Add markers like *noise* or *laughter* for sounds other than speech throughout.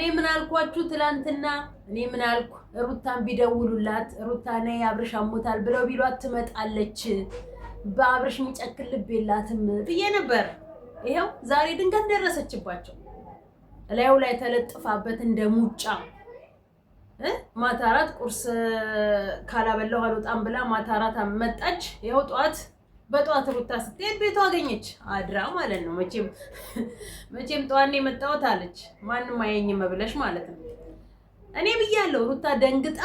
እኔ ምን አልኳችሁ ትላንትና? እኔ ምን አልኩ? ሩታን ቢደውሉላት ሩታ ነይ አብርሽ አሞታል ብለው ቢሏት ትመጣለች። በአብርሽ የሚጨክል ልብ የላትም ብዬ ነበር። ይኸው ዛሬ ድንገት ደረሰችባቸው። እላዩ ላይ ተለጥፋበት እንደ ሙጫ ማታ አራት ቁርስ ካላበላው አልወጣም ብላ ማታ አራት መጣች። ይኸው ጠዋት በጠዋት ሩታ ስትሄድ ቤቷ አገኘች አድራ ማለት ነው። መቼም *laughs* መቼም ጠዋን የመጣሁት አለች ማንም አየኝም ብለሽ ማለት ነው። እኔ ብያለሁ። ሩታ ደንግጣ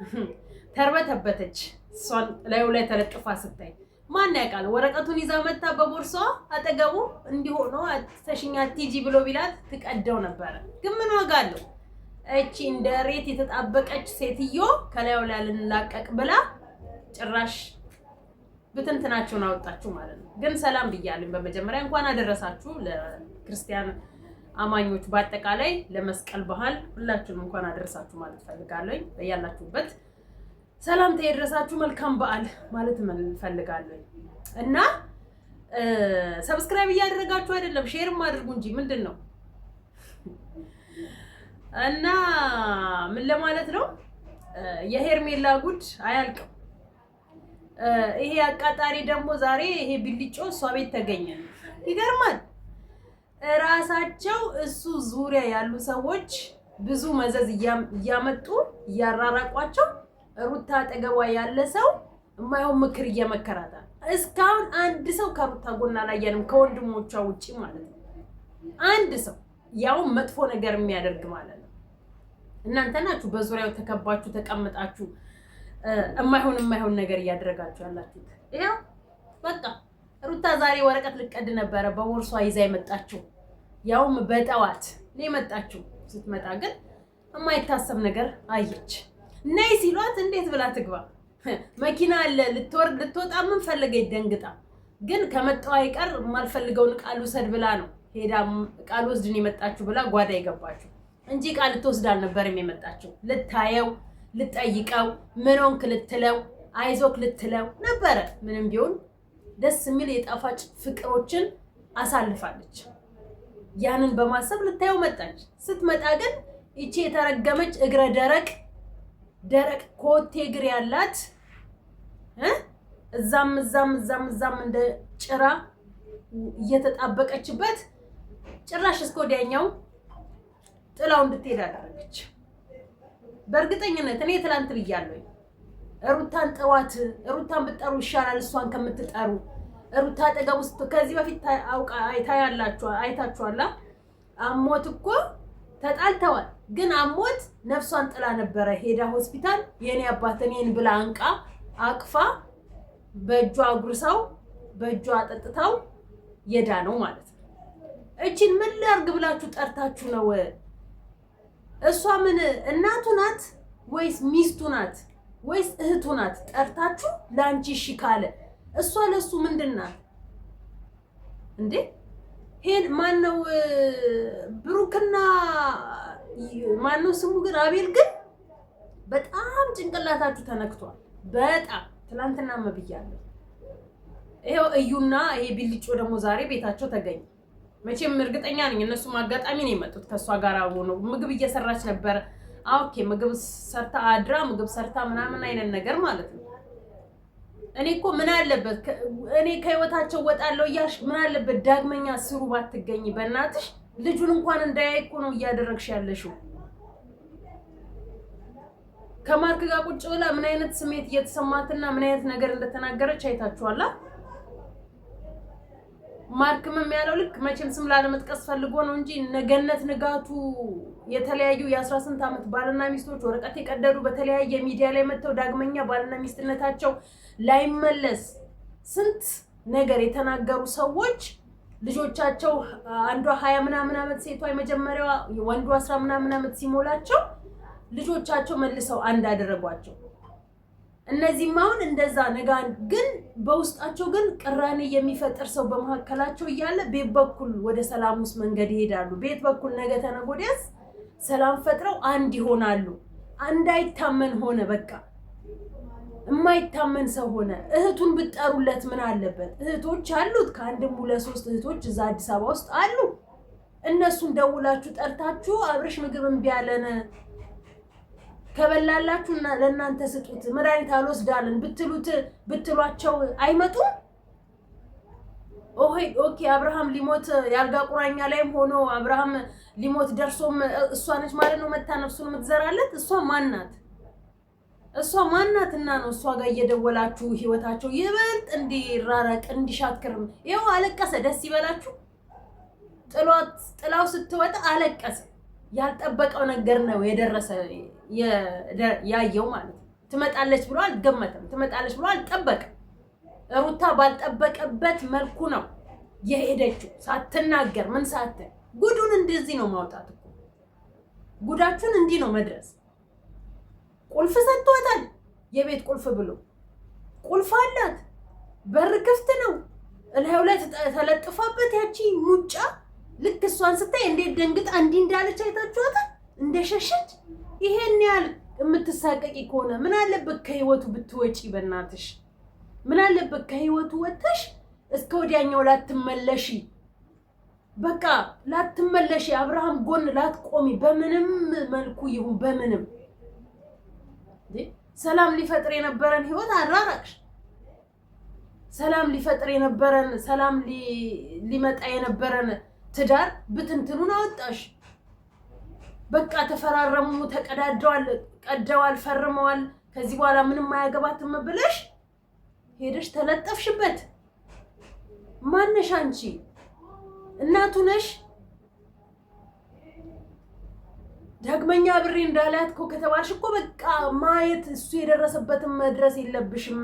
*laughs* ተርበተበተች። እሷን ላዩ ላይ ተለጥፋ ስታይ ማን ያውቃል? ወረቀቱን ይዛ መታ በቦርሷ አጠገቡ እንዲሆኖ ተሽኛ ቲጂ ብሎ ቢላት ትቀደው ነበረ። ግን ምን ዋጋ አለው? እቺ እንደ ሬት የተጣበቀች ሴትዮ ከላዩ ላይ ልንላቀቅ ብላ ጭራሽ ብትንትናቸውን አወጣችሁ ማለት ነው። ግን ሰላም ብያለሁ በመጀመሪያ እንኳን አደረሳችሁ ለክርስቲያን አማኞች በአጠቃላይ ለመስቀል ባህል ሁላችሁም እንኳን አደረሳችሁ ማለት ፈልጋለኝ። በያላችሁበት ሰላምታ የደረሳችሁ መልካም በዓል ማለት ፈልጋለኝ እና ሰብስክራይብ እያደረጋችሁ አይደለም ሼርም አድርጉ እንጂ ምንድን ነው እና ምን ለማለት ነው የሄርሜላ ጉድ አያልቅም። ይሄ አቃጣሪ ደግሞ ዛሬ ይሄ ብልጮ እሷ ቤት ተገኘ። ይገርማል። እራሳቸው እሱ ዙሪያ ያሉ ሰዎች ብዙ መዘዝ እያመጡ እያራራቋቸው፣ ሩታ አጠገቧ ያለ ሰው የማይሆን ምክር እየመከራታል። እስካሁን አንድ ሰው ከሩታ ጎን አላየንም፣ ከወንድሞቿ ውጭ ማለት ነው። አንድ ሰው ያውም መጥፎ ነገር የሚያደርግ ማለት ነው። እናንተ ናችሁ በዙሪያው ተከባችሁ ተቀምጣችሁ እማይሆን የማይሆን ነገር እያደረጋችሁ ያላችሁት ይኸው በቃ ሩታ ዛሬ ወረቀት ልቀድ ነበረ በቦርሷ ይዛ የመጣችው ያውም በጠዋት ነው መጣችው ስትመጣ ግን የማይታሰብ ነገር አየች። ነይ ሲሏት እንዴት ብላ ትግባ? መኪና አለ ልትወርድ ልትወጣ ምን ፈለገች? ደንግጣ ግን ከመጣው አይቀር የማልፈልገውን ቃል ውሰድ ብላ ነው ሄዳ ቃል ወስድን የመጣችሁ ብላ ጓዳ የገባችሁ እንጂ ቃል ልትወስድ አልነበርም የመጣችው ልታየው ልጠይቀው ምን ሆንክ ልትለው አይዞክ ልትለው ነበረ። ምንም ቢሆን ደስ የሚል የጣፋጭ ፍቅሮችን አሳልፋለች። ያንን በማሰብ ልታየው መጣች። ስትመጣ ግን ይቺ የተረገመች እግረ ደረቅ ደረቅ ኮቴ እግር ያላት እዛም እዛም እዛም እዛም እንደ ጭራ እየተጣበቀችበት ጭራሽ እስከ ወዲያኛው ጥላው እንድትሄድ አደረገች። በእርግጠኝነት እኔ ትላንት ብያለሁ፣ ሩታን ጠዋት ሩታን ብትጠሩ ይሻላል እሷን ከምትጠሩ። ሩታ አጠገብ ውስጥ ከዚህ በፊት አይታ ያላችሁ አይታችኋላ። አሞት እኮ ተጣልተዋል፣ ግን አሞት ነፍሷን ጥላ ነበረ ሄዳ ሆስፒታል። የኔ አባት እኔን ብላ አንቃ አቅፋ በእጇ አጉርሳው በእጇ አጠጥታው የዳ ነው ማለት ነው። እችን ምን ላርግ ብላችሁ ጠርታችሁ ነው እሷ ምን እናቱ ናት ወይስ ሚስቱ ናት ወይስ እህቱ ናት? ጠርታችሁ ለአንቺ እሺ ካለ እሷ ለሱ ምንድን ናት እንዴ? ሄል ማነው? ብሩክና ማነው ስሙ ግን? አቤል ግን በጣም ጭንቅላታችሁ ተነክቷል። በጣም ትናንትና መብያለሁ። ይሄው እዩና ይሄ ቢልጮ ደግሞ ዛሬ ቤታቸው ተገኘ። መቼም እርግጠኛ ነኝ እነሱም አጋጣሚ ነው የመጡት ከእሷ ጋር ሆኖ ምግብ እየሰራች ነበር። ኦኬ ምግብ ሰርታ አድራ ምግብ ሰርታ ምናምን አይነት ነገር ማለት ነው። እኔ እኮ ምን አለበት እኔ ከህይወታቸው ወጣለው እያልሽ ምን አለበት ዳግመኛ ስሩ ባትገኝ በእናትሽ ልጁን እንኳን እንዳያይ እኮ ነው እያደረግሽ ያለሽው። ከማርክ ጋር ቁጭ ብላ ምን አይነት ስሜት እየተሰማትና ምን አይነት ነገር እንደተናገረች አይታችኋላ። ማርክምም ያለው ልክ መቼም ስም ላለመጥቀስ ፈልጎ ነው እንጂ ነገነት ንጋቱ የተለያዩ የአስራ ስንት ዓመት ባልና ሚስቶች ወረቀት የቀደዱ በተለያየ ሚዲያ ላይ መጥተው ዳግመኛ ባልና ሚስትነታቸው ላይመለስ ስንት ነገር የተናገሩ ሰዎች ልጆቻቸው አንዷ ሀያ ምናምን ዓመት ሴቷ የመጀመሪያዋ ወንዱ አስራ ምናምን ዓመት ሲሞላቸው ልጆቻቸው መልሰው አንድ አደረጓቸው። እነዚህም አሁን እንደዛ ነጋ ግን በውስጣቸው ግን ቅራኔ የሚፈጥር ሰው በመካከላቸው እያለ ቤት በኩል ወደ ሰላም ውስጥ መንገድ ይሄዳሉ። ቤት በኩል ነገ ተነገ ወዲያስ ሰላም ፈጥረው አንድ ይሆናሉ። እንዳይታመን ሆነ፣ በቃ የማይታመን ሰው ሆነ። እህቱን ብጠሩለት ምን አለበት? እህቶች አሉት ከአንድም ሁለት ሶስት እህቶች እዛ አዲስ አበባ ውስጥ አሉ። እነሱን ደውላችሁ ጠርታችሁ አብርሽ ምግብ እምቢ አለን ከበላላችሁ ለእናንተ ስጡት፣ መድኃኒት አልወስዳለን ብትሉት ብትሏቸው አይመጡም። ኦኬ አብርሃም ሊሞት የአልጋ ቁራኛ ላይም ሆኖ አብርሃም ሊሞት ደርሶም እሷ ነች ማለት ነው መታ ነፍሱን የምትዘራለት እሷ ማናት? እሷ ማናትና ነው እሷ ጋር እየደወላችሁ ህይወታቸው ይበልጥ እንዲራረቅ እንዲሻክርም። ይኸው አለቀሰ። ደስ ይበላችሁ። ጥሏት ጥላው ስትወጣ አለቀሰ። ያልጠበቀው ነገር ነው የደረሰ ያየው ማለት ነው። ትመጣለች ብሎ አልገመተም። ትመጣለች ብሎ አልጠበቀም። ሩታ ባልጠበቀበት መልኩ ነው የሄደችው፣ ሳትናገር ምን ሳትል። ጉዱን እንደዚህ ነው ማውጣት እኮ ጉዳችን እንዲህ ነው መድረስ። ቁልፍ ሰጥቷታል፣ የቤት ቁልፍ ብሎ ቁልፍ አላት። በር ክፍት ነው፣ እላዩ ላይ ተለጥፋበት ያቺ ሙጫ ልክ እሷን ስታይ እንዴት ደንግጣ እንዲህ እንዳለች አይታችኋታል? እንደሸሸች ይሄን ያህል የምትሳቀቂ ከሆነ ምን አለበት ከህይወቱ ብትወጪ፣ በእናትሽ ምን አለበት ከህይወቱ ወጥተሽ እስከ ወዲያኛው ላትመለሺ፣ በቃ ላትመለሺ፣ አብርሃም ጎን ላትቆሚ፣ በምንም መልኩ ይሁን በምንም ሰላም ሊፈጥር የነበረን ህይወት አራራቅሽ። ሰላም ሊፈጥር የነበረን ሰላም ሊመጣ የነበረን ትዳር ብትንትኑን አወጣሽ። በቃ ተፈራረሙ፣ ተቀዳደዋል፣ ቀደዋል፣ ፈርመዋል። ከዚህ በኋላ ምንም አያገባትም ብለሽ ሄደሽ ተለጠፍሽበት። ማነሽ አንቺ? እናቱ ነሽ። ዳግመኛ ብሬ እንዳላት እኮ ከተባልሽ እኮ በቃ ማየት እሱ የደረሰበትን መድረስ የለብሽም።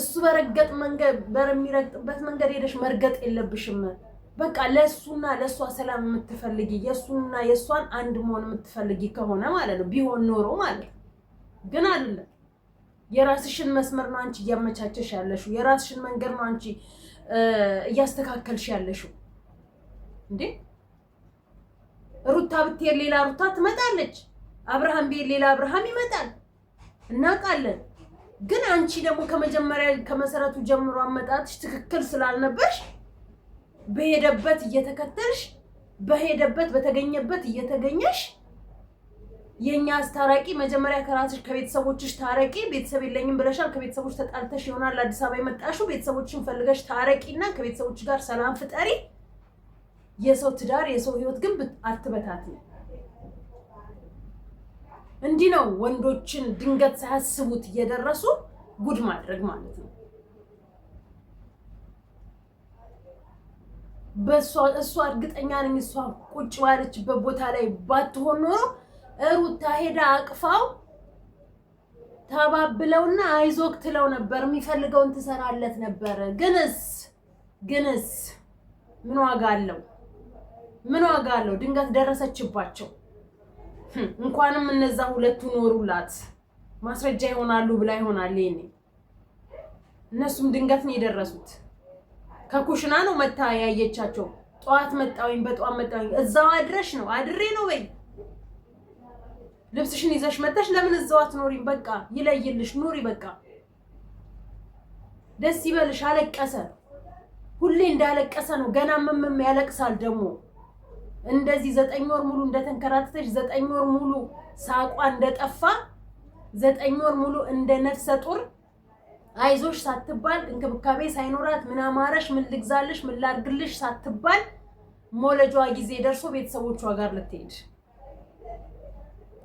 እሱ በረገጥ መንገድ በሚረግጥበት መንገድ ሄደሽ መርገጥ የለብሽም። በቃ ለእሱና ለእሷ ሰላም የምትፈልጊ የእሱና የእሷን አንድ መሆን የምትፈልጊ ከሆነ ማለት ነው ቢሆን ኖሮ ማለት ነው። ግን አይደለም። የራስሽን መስመር ነው አንቺ እያመቻቸሽ ያለሽው። የራስሽን መንገድ ነው አንቺ እያስተካከልሽ ያለሽው። እንዴ ሩታ ብትሄድ ሌላ ሩታ ትመጣለች፣ አብርሃም ብሄድ ሌላ አብርሃም ይመጣል፣ እናውቃለን። ግን አንቺ ደግሞ ከመጀመሪያ ከመሰረቱ ጀምሮ አመጣትሽ ትክክል ስላልነበርሽ በሄደበት እየተከተልሽ በሄደበት በተገኘበት እየተገኘሽ የእኛ አስታራቂ መጀመሪያ ከራስሽ ከቤተሰቦችሽ ታረቂ። ቤተሰብ የለኝም ብለሻል። ከቤተሰቦች ተጣልተሽ ይሆናል አዲስ አበባ የመጣሽው። ቤተሰቦችን ፈልገሽ ታረቂ እና ከቤተሰቦች ጋር ሰላም ፍጠሪ። የሰው ትዳር የሰው ህይወት ግን አትበታት። እንዲህ ነው ወንዶችን ድንገት ሳያስቡት እየደረሱ ጉድ ማድረግ ማለት ነው። በእሷ እሷ እርግጠኛ ነኝ እሷ ቁጭ ባለችበት ቦታ ላይ ባትሆን ኖሮ ሩታ ሄዳ አቅፋው ተባብለውና አይዞክ ትለው ነበር። የሚፈልገውን ትሰራለት ነበር ግንስ ግንስ ምን ዋጋ አለው? ምን ዋጋ አለው? ድንገት ደረሰችባቸው። እንኳንም እነዛ ሁለቱ ኖሩላት ማስረጃ ይሆናሉ ብላ ይሆናል። ይሄኔ እነሱም ድንገት ነው የደረሱት። ከኩሽና ነው መታ ያየቻቸው። ጠዋት መጣሁኝ፣ በጠዋት መጣሁኝ። እዛው አድረሽ ነው አድሬ ነው በይ። ልብስሽን ይዘሽ መጣሽ። ለምን እዛው አትኖሪም? በቃ ይለይልሽ፣ ኑሪ በቃ ደስ ይበልሽ። አለቀሰ። ሁሌ እንዳለቀሰ ነው። ገና ምምም ያለቅሳል ደግሞ እንደዚህ ዘጠኝ ወር ሙሉ እንደተንከራተተች ዘጠኝ ወር ሙሉ ሳቋ እንደጠፋ ዘጠኝ ወር ሙሉ እንደ ነፍሰ ጡር አይዞሽ ሳትባል እንክብካቤ ሳይኖራት ምን አማረሽ፣ ምን ልግዛልሽ፣ ምን ላድርግልሽ ሳትባል ሞለጇ ጊዜ ደርሶ ቤተሰቦቿ ጋር ልትሄድ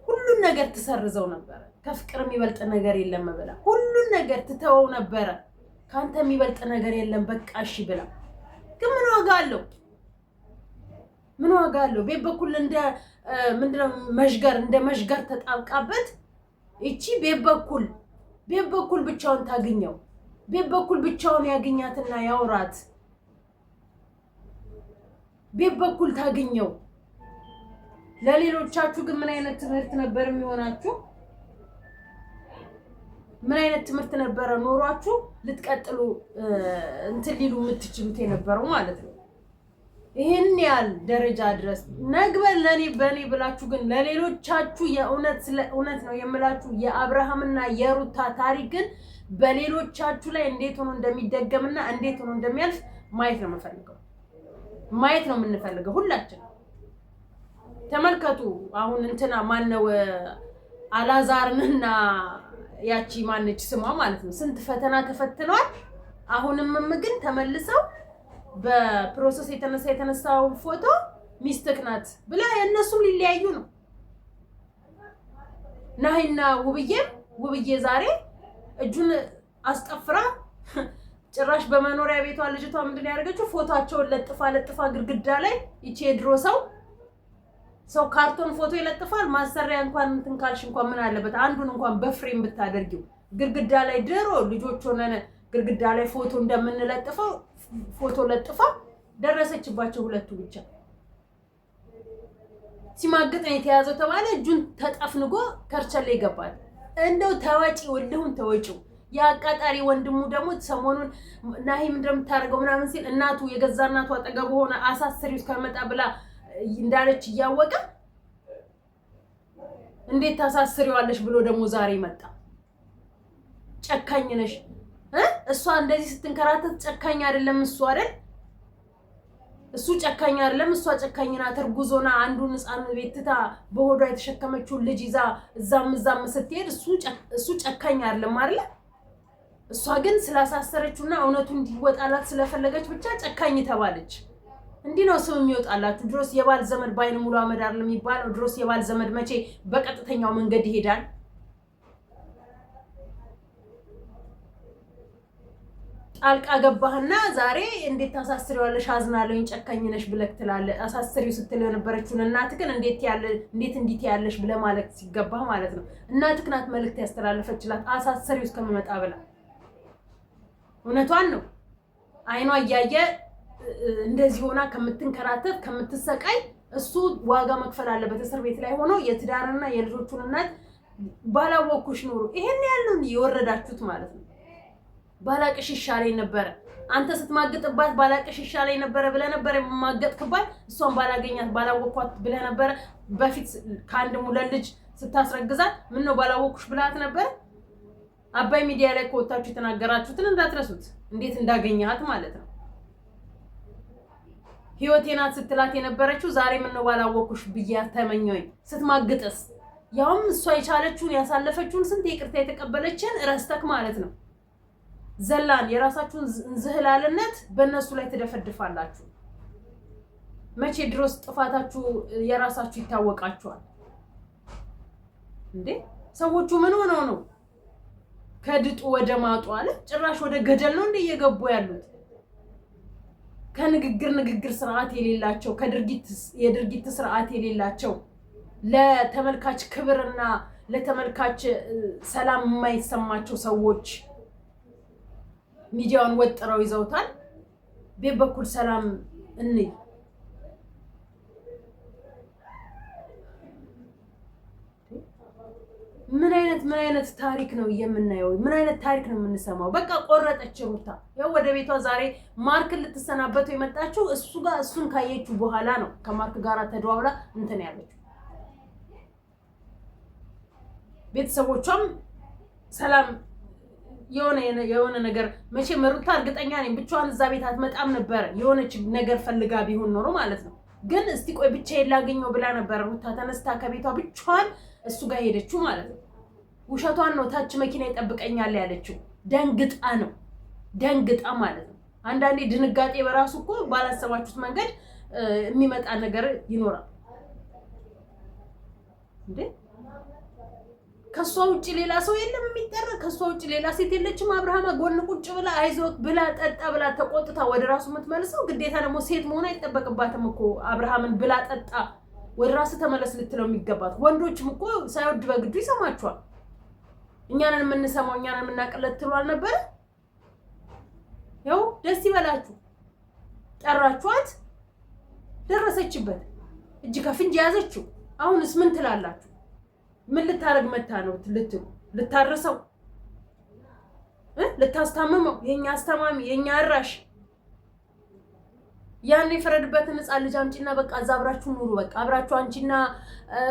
ሁሉን ነገር ትሰርዘው ነበረ። ከፍቅር የሚበልጥ ነገር የለም ብላ ሁሉን ነገር ትተወው ነበረ። ከአንተ የሚበልጥ ነገር የለም በቃ እሺ ብላ። ግን ምን ዋጋ አለው? ምን ዋጋ አለው? ቤት በኩል እንደ ምንድነው መሽገር እንደ መሽገር ተጣብቃበት ይቺ ቤት በኩል ቤት በኩል ብቻውን ታግኘው። ቤት በኩል ብቻውን ያገኛትና ያውራት። ቤት በኩል ታግኘው። ለሌሎቻችሁ ግን ምን አይነት ትምህርት ነበር የሚሆናችሁ? ምን አይነት ትምህርት ነበረ ኖሯችሁ ልትቀጥሉ እንትን ሊሉ የምትችሉት የነበረው ማለት ነው? ይህን ያህል ደረጃ ድረስ ነግበን ለኔ በኔ ብላችሁ ግን ለሌሎቻችሁ የእውነት ስለ እውነት ነው የምላችሁ የአብርሃምና የሩታ ታሪክ ግን በሌሎቻችሁ ላይ እንዴት ሆኖ እንደሚደገምና እንዴት ሆኖ እንደሚያልፍ ማየት ነው የምፈልገው፣ ማየት ነው የምንፈልገው ሁላችን። ተመልከቱ አሁን እንትና ማነው አላዛርንና ያቺ ማነች ስሟ ማለት ነው ስንት ፈተና ተፈትኗል? አሁንም ግን ተመልሰው በፕሮሰስ የተነሳ የተነሳው ፎቶ ሚስትክ ናት ብላ እነሱም ሊለያዩ ነው። ናሂና ውብዬም ውብዬ ዛሬ እጁን አስጠፍራ ጭራሽ በመኖሪያ ቤቷ ልጅቷ ምንድን ያደረገችው ፎቶቸውን ለጥፋ ለጥፋ ግድግዳ ላይ ይቺ የድሮ ሰው ሰው ካርቶን ፎቶ ይለጥፋል። ማሰሪያ እንኳን እንትን ካልሽ እንኳን ምን አለበት አንዱን እንኳን በፍሬም ብታደርጊው ግድግዳ ላይ ድሮ ልጆች ሆነን ግድግዳ ላይ ፎቶ እንደምንለጥፈው ፎቶ ለጥፋ ደረሰችባቸው። ሁለቱ ብቻ ሲማግጥ ነው የተያዘው ተባለ። እጁን ተጠፍንጎ ከርቸሌ ይገባል። እንደው ተወጪ ወልሁን ተወጪው። የአቃጣሪ ወንድሙ ደግሞ ሰሞኑን ናሂ እንደምታደርገው ምናምን ሲል እናቱ የገዛ እናቱ አጠገቡ ሆነ አሳስሪው ከመጣ ብላ እንዳለች እያወቀ እንዴት ታሳስሪዋለሽ ብሎ ደግሞ ዛሬ መጣ። ጨካኝ ነሽ እሷ እንደዚህ ስትንከራተት ጨካኝ አይደለም እሱ አይደል? እሱ ጨካኝ አይደለም፣ እሷ ጨካኝ ናት። እርጉዝ አንዱን ሕፃን ቤት ትታ በሆዷ የተሸከመችውን ልጅ ይዛ እዛም እዛም ስትሄድ እሱ ጨካኝ አይደለም አይደለ? እሷ ግን ስላሳሰረችውና እውነቱ እንዲወጣላት ስለፈለገች ብቻ ጨካኝ ተባለች። እንዲህ ነው ስም የሚወጣላችሁ። ድሮስ የባል ዘመድ በዓይን ሙሉ አመድ አይደለም የሚባለው? ድሮስ የባል ዘመድ መቼ በቀጥተኛው መንገድ ይሄዳል? ጣልቃ ገባህና ዛሬ እንዴት ታሳስሪዋለሽ? አዝናለሁኝ ጨካኝ ነሽ ብለህ ትላለህ። አሳስሪው ስትለው የነበረችውን እናትህን እንዴት ያለ እንዴት እንዲት ያለሽ ብለህ ማለት ሲገባህ ማለት ነው። እናት ናት መልእክት ያስተላለፈችላት አሳስሪው እስከምመጣ ብላ። እውነቷን ነው። አይኗ እያየ እንደዚህ ሆና ከምትንከራተት ከምትሰቃይ እሱ ዋጋ መክፈል አለበት። እስር ቤት ላይ ሆኖ የትዳርና የልጆቹን እናት ባላወኩሽ ኖሮ ይሄን ያህል የወረዳችሁት ማለት ነው። ባላቅሽ ይሻለኝ ነበረ። አንተ ስትማግጥባት ባላቅሽ ይሻለኝ ነበረ ብለህ ነበረ የማገጥክባት። እሷን ባላገኛት ባላወኳት ብለህ ነበረ። በፊት ከአንድ ሁለት ልጅ ስታስረግዛት ነው ባላወኩሽ ብለሃት ነበረ። አባይ ሚዲያ ላይ ከወታችሁ የተናገራችሁትን እንዳትረሱት፣ እንዴት እንዳገኘሃት ማለት ነው። ህይወቴ ናት ስትላት የነበረችው ዛሬ ምነው ባላወኩሽ ብዬ ተመኘኝ። ስትማግጥስ ያውም እሷ የቻለችውን ያሳለፈችውን ስንት ይቅርታ የተቀበለችን እረስተክ ማለት ነው። ዘላን የራሳችሁን ዝህላልነት በእነሱ ላይ ትደፈድፋላችሁ። መቼ ድሮስ ጥፋታችሁ የራሳችሁ ይታወቃችኋል እንዴ? ሰዎቹ ምን ሆነው ነው ከድጡ ወደ ማጡ አለ? ጭራሽ ወደ ገደል ነው እንዴ እየገቡ ያሉት። ከንግግር ንግግር ስርዓት የሌላቸው የድርጊት ስርዓት የሌላቸው ለተመልካች ክብርና ለተመልካች ሰላም የማይሰማቸው ሰዎች ሚዲያውን ወጥረው ይዘውታል። ቤት በኩል ሰላም እንይ ምን አይነት ምን አይነት ታሪክ ነው የምናየው? ምን አይነት ታሪክ ነው የምንሰማው? በቃ ቆረጠች ሩታ። ያው ወደ ቤቷ ዛሬ ማርክን ልትሰናበተው የመጣችው እሱ ጋር እሱን ካየችው በኋላ ነው። ከማርክ ጋር ተደዋውላ እንትን ያለችው። ቤተሰቦቿም ሰላም የሆነ የሆነ ነገር መቼ ሩታ እርግጠኛ ነኝ ብቻዋን እዛ ቤት አትመጣም ነበር። የሆነች ነገር ፈልጋ ቢሆን ኖሮ ማለት ነው። ግን እስቲ ቆይ ብቻዬን ላገኘው ብላ ነበር ሩታ ተነስታ ከቤቷ ብቻዋን እሱ ጋር ሄደችው ማለት ነው። ውሸቷን ነው። ታች መኪና ይጠብቀኛል ያለችው ደንግጣ ነው። ደንግጣ ማለት ነው። አንዳንዴ ድንጋጤ በራሱ እኮ ባላሰባችሁት መንገድ የሚመጣ ነገር ይኖራል እንዴ ከእሷ ውጭ ሌላ ሰው የለም የሚጠራ ከእሷ ውጭ ሌላ ሴት የለችም። አብርሃማ ጎን ቁጭ ብላ አይዞህ ብላ ጠጣ ብላ ተቆጥታ ወደ ራሱ የምትመልሰው ግዴታ ደግሞ ሴት መሆን አይጠበቅባትም እኮ አብርሃምን ብላ ጠጣ ወደ ራስ ተመለስ ልትለው የሚገባት። ወንዶችም እኮ ሳይወድ በግዱ ይሰማቸዋል። እኛንን የምንሰማው እኛንን የምናቅለት ትሏል አልነበረ? ያው ደስ ይበላችሁ፣ ጠራችኋት፣ ደረሰችበት፣ እጅ ከፍንጅ ያዘችው። አሁንስ ምን ትላላችሁ? ምን ልታረግ መታ ነው ልትሉ ልታርሰው ልታስታምመው የኛ አስተማሚ የኛ አራሽ ያን የፈረድበትን ህፃን ልጅ አምጪና በቃ እዛ አብራችሁ ኑሩ። በቃ አብራችሁ አንቺና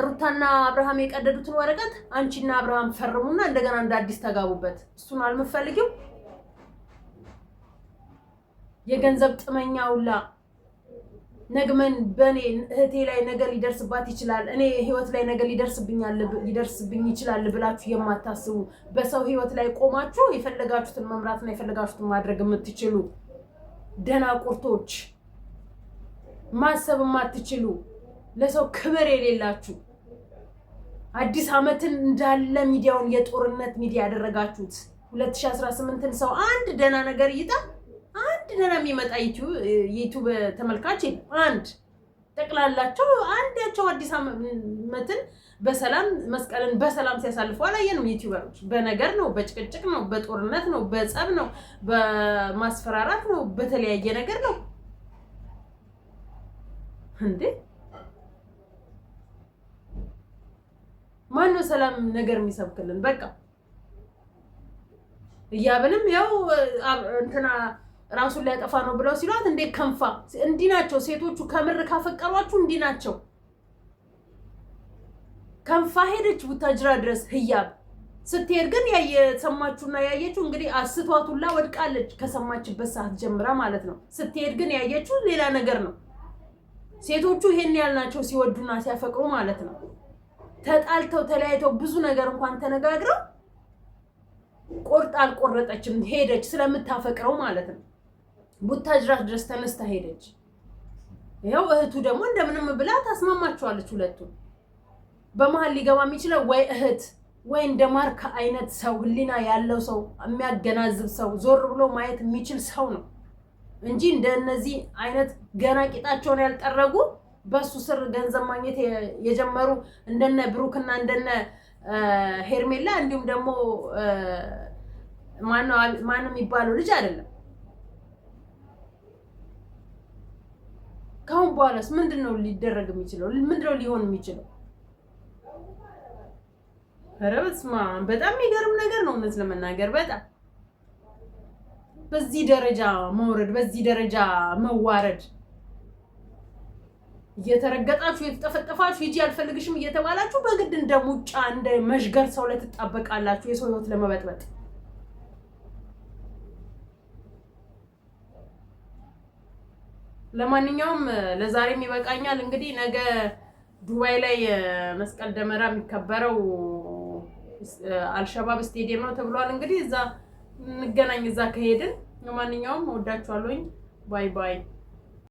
ሩታና አብርሃም የቀደዱትን ወረቀት አንቺና አብርሃም ፈርሙና እንደገና እንደ አዲስ ተጋቡበት። እሱን አልምፈልግም የገንዘብ ጥመኛ ሁላ ነግመን በእኔ እህቴ ላይ ነገር ሊደርስባት ይችላል፣ እኔ ህይወት ላይ ነገር ሊደርስብኝ ይችላል ብላችሁ የማታስቡ በሰው ህይወት ላይ ቆማችሁ የፈለጋችሁትን መምራትና የፈለጋችሁትን ማድረግ የምትችሉ ደናቁርቶች፣ ማሰብ የማትችሉ ለሰው ክብር የሌላችሁ አዲስ ዓመትን እንዳለ ሚዲያውን የጦርነት ሚዲያ ያደረጋችሁት 2018ን ሰው አንድ ደና ነገር ይጣል አንድ ነና የሚመጣ ዩቱብ ተመልካች አንድ ጠቅላላቸው አንዳቸው አዲስ ዓመትን በሰላም መስቀልን በሰላም ሲያሳልፉ አላየንም። ዩቲዩበሮች በነገር ነው፣ በጭቅጭቅ ነው፣ በጦርነት ነው፣ በጸብ ነው፣ በማስፈራራት ነው፣ በተለያየ ነገር ነው እንዴ። ማነው ሰላም ነገር የሚሰብክልን? በቃ እያብንም ያው እንትና ራሱን ሊያጠፋ ነው ብለው ሲሏት እንዴት ከንፋ። እንዲህ ናቸው ሴቶቹ፣ ከምር ካፈቀሯችሁ እንዲህ ናቸው። ከንፋ ሄደች ቡታጅራ ድረስ ህያብ ስትሄድ ግን የሰማችሁና ያየችው እንግዲህ አስቷት ሁላ ወድቃለች። ከሰማችበት ሰዓት ጀምራ ማለት ነው። ስትሄድ ግን ያየችው ሌላ ነገር ነው። ሴቶቹ ይሄን ያልናቸው ናቸው ሲወዱና ሲያፈቅሩ ማለት ነው። ተጣልተው ተለያይተው ብዙ ነገር እንኳን ተነጋግረው ቆርጥ አልቆረጠችም፣ ሄደች ስለምታፈቅረው ማለት ነው። ቡታጅራ ድረስ ተነስታ ሄደች። ይኸው እህቱ ደግሞ እንደምንም ብላ ታስማማቸዋለች። ሁለቱ በመሀል ሊገባ የሚችለው ወይ እህት ወይ እንደ ማርካ አይነት ሰው ህሊና ያለው ሰው የሚያገናዝብ ሰው ዞር ብሎ ማየት የሚችል ሰው ነው እንጂ እንደ እነዚህ አይነት ገና ቂጣቸውን ያልጠረጉ በሱ ስር ገንዘብ ማግኘት የጀመሩ እንደነ ብሩክና እንደነ ሄርሜላ እንዲሁም ደግሞ ማንም የሚባለው ልጅ አይደለም። ከአሁን በኋላስ ምንድን ነው ሊደረግ የሚችለው? ምንድን ነው ሊሆን የሚችለው? ኧረ በስመ አብ! በጣም የሚገርም ነገር ነው እውነት ለመናገር በጣም በዚህ ደረጃ መውረድ፣ በዚህ ደረጃ መዋረድ፣ እየተረገጣችሁ እየተጠፈጠፋችሁ ሂጂ አልፈልግሽም እየተባላችሁ በግድ እንደ ሙጫ እንደ መዥገር ሰው ላይ ትጣበቃላችሁ የሰው ህይወት ለመበጥበጥ ለማንኛውም ለዛሬም ይበቃኛል። እንግዲህ ነገ ዱባይ ላይ መስቀል ደመራ የሚከበረው አልሸባብ ስቴዲየም ነው ተብሏል። እንግዲህ እዛ እንገናኝ፣ እዛ ከሄድን። ለማንኛውም ወዳችኋለሁኝ። ባይ ባይ